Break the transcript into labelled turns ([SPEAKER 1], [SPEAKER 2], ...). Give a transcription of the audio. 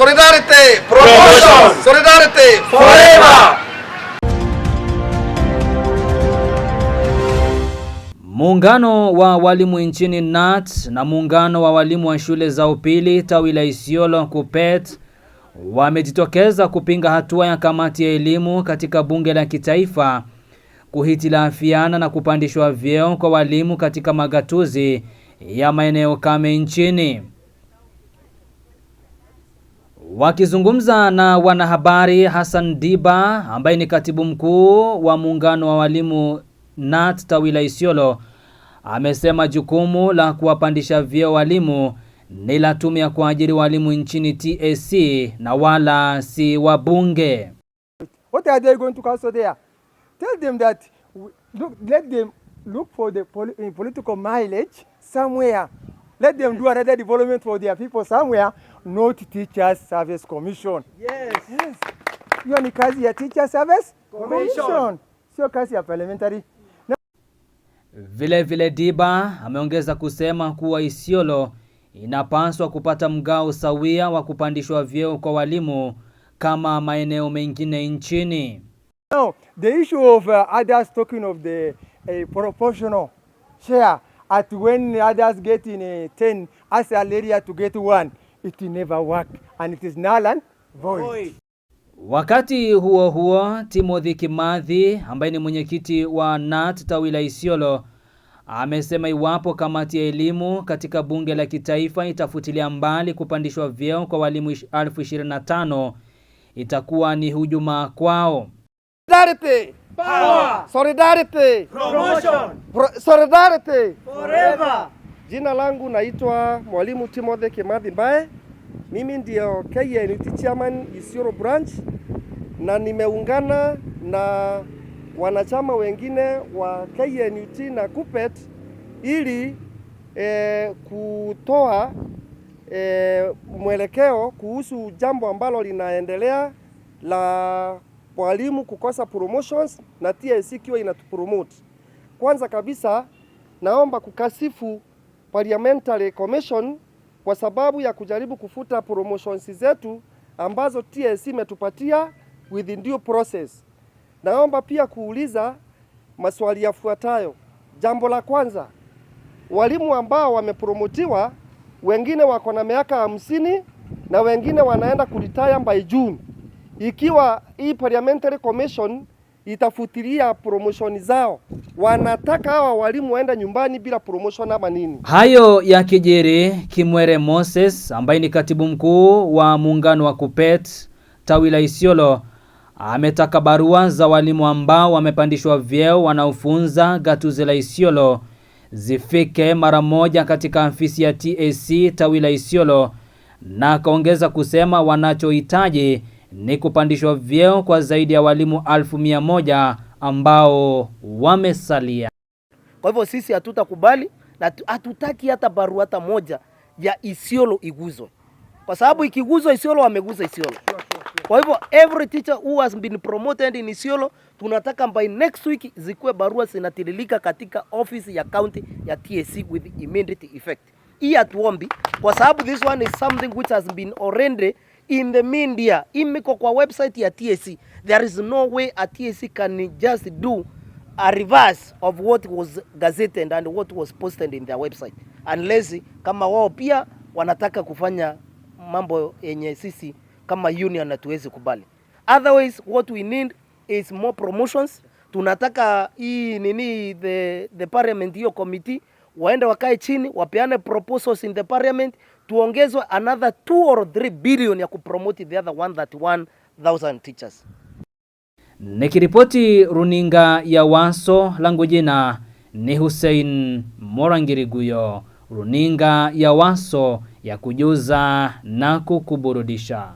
[SPEAKER 1] solidarity promotion solidarity forever Muungano wa walimu nchini nat na muungano wa walimu wa shule za upili tawi la Isiolo kupet wamejitokeza kupinga hatua ya kamati ya elimu katika bunge la kitaifa kuhitilafiana na kupandishwa vyeo kwa walimu katika magatuzi ya maeneo kame nchini. Wakizungumza na wanahabari, Hassan Diba ambaye ni katibu mkuu wa muungano wa walimu KNUT Tawila Isiolo amesema jukumu la kuwapandisha vyeo walimu ni la tume ya kuajiri walimu nchini TSC na wala si wabunge.
[SPEAKER 2] What are they going to counsel there? Tell them that look, let them look for the political mileage somewhere. Let them do another development for their people somewhere, not Teachers Service Commission.
[SPEAKER 3] Yes. Yes.
[SPEAKER 2] Hiyo ni kazi ya Teachers Service Commission. Sio kazi ya parliamentary.
[SPEAKER 1] Vile vile Diba ameongeza kusema kuwa Isiolo inapaswa kupata mgao sawia wa kupandishwa vyeo kwa walimu kama maeneo mengine nchini.
[SPEAKER 2] Now, the issue of uh, others talking of the uh, proportional share at when others get in a 10 as a area to get one it never work and it is null and void.
[SPEAKER 1] Wakati huo huo, Timothy Kimathi ambaye ni mwenyekiti wa NAT tawi la Isiolo amesema iwapo kamati ya elimu katika bunge la kitaifa itafutilia mbali kupandishwa vyeo kwa walimu elfu itakuwa ni hujuma kwao.
[SPEAKER 4] Darte
[SPEAKER 5] power.
[SPEAKER 4] Solidarity.
[SPEAKER 6] Promotion.
[SPEAKER 7] Pro solidarity.
[SPEAKER 8] Forever.
[SPEAKER 9] Jina langu naitwa Mwalimu Timothy Kimathi Mbae. Mimi ndio KNUT Chairman Isiolo branch na nimeungana na wanachama wengine wa KNUT na KUPPET ili e, kutoa e, mwelekeo kuhusu jambo ambalo linaendelea la walimu kukosa promotions na TSC ikiwa inatupromote. Kwanza kabisa naomba kukasifu Parliamentary Commission kwa sababu ya kujaribu kufuta promotions zetu ambazo TSC imetupatia within due process. Naomba pia kuuliza maswali yafuatayo. Jambo la kwanza, walimu ambao wamepromotiwa wengine wako na miaka hamsini na wengine wanaenda kuretire by June ikiwa hii parliamentary commission itafutilia promotion zao, wanataka hawa walimu waenda nyumbani bila promotion ama nini?
[SPEAKER 1] Hayo ya kijiri, Kimwere Moses ambaye ni katibu mkuu wa muungano wa KUPPET tawi la Isiolo ametaka barua za walimu ambao wamepandishwa vyeo wanaofunza gatuzi la Isiolo zifike mara moja katika afisi ya TAC tawi la Isiolo, na akaongeza kusema wanachohitaji ni kupandishwa vyeo kwa zaidi ya walimu elfu mia moja ambao wamesalia.
[SPEAKER 10] Kwa hivyo sisi hatutakubali na hatutaki hata barua hata moja ya Isiolo iguzwe, kwa sababu ikiguzwa Isiolo wameguza Isiolo. Kwa hivyo every teacher who has been promoted in Isiolo tunataka by next week zikuwe barua zinatiririka katika office ya county ya TSC with immediate effect. Hii hatuombi kwa sababu this one is something which has been already in the media, imiko kwa website ya TSC. There is no way a TSC can just do a reverse of what was gazetted and what was posted in their website unless kama wao pia wanataka kufanya mambo yenye sisi kama union hatuwezi kubali. Otherwise what we need is more promotions. Tunataka hii nini the, the parliament hiyo committee waende wakae chini, wapeane proposals in the parliament, tuongezwe another 2 or 3 billion ya kupromote the other 131,000 teachers.
[SPEAKER 1] Nikiripoti runinga ya Waso, langu jina ni Hussein Morangiriguyo, runinga ya Waso ya kujuza na kukuburudisha.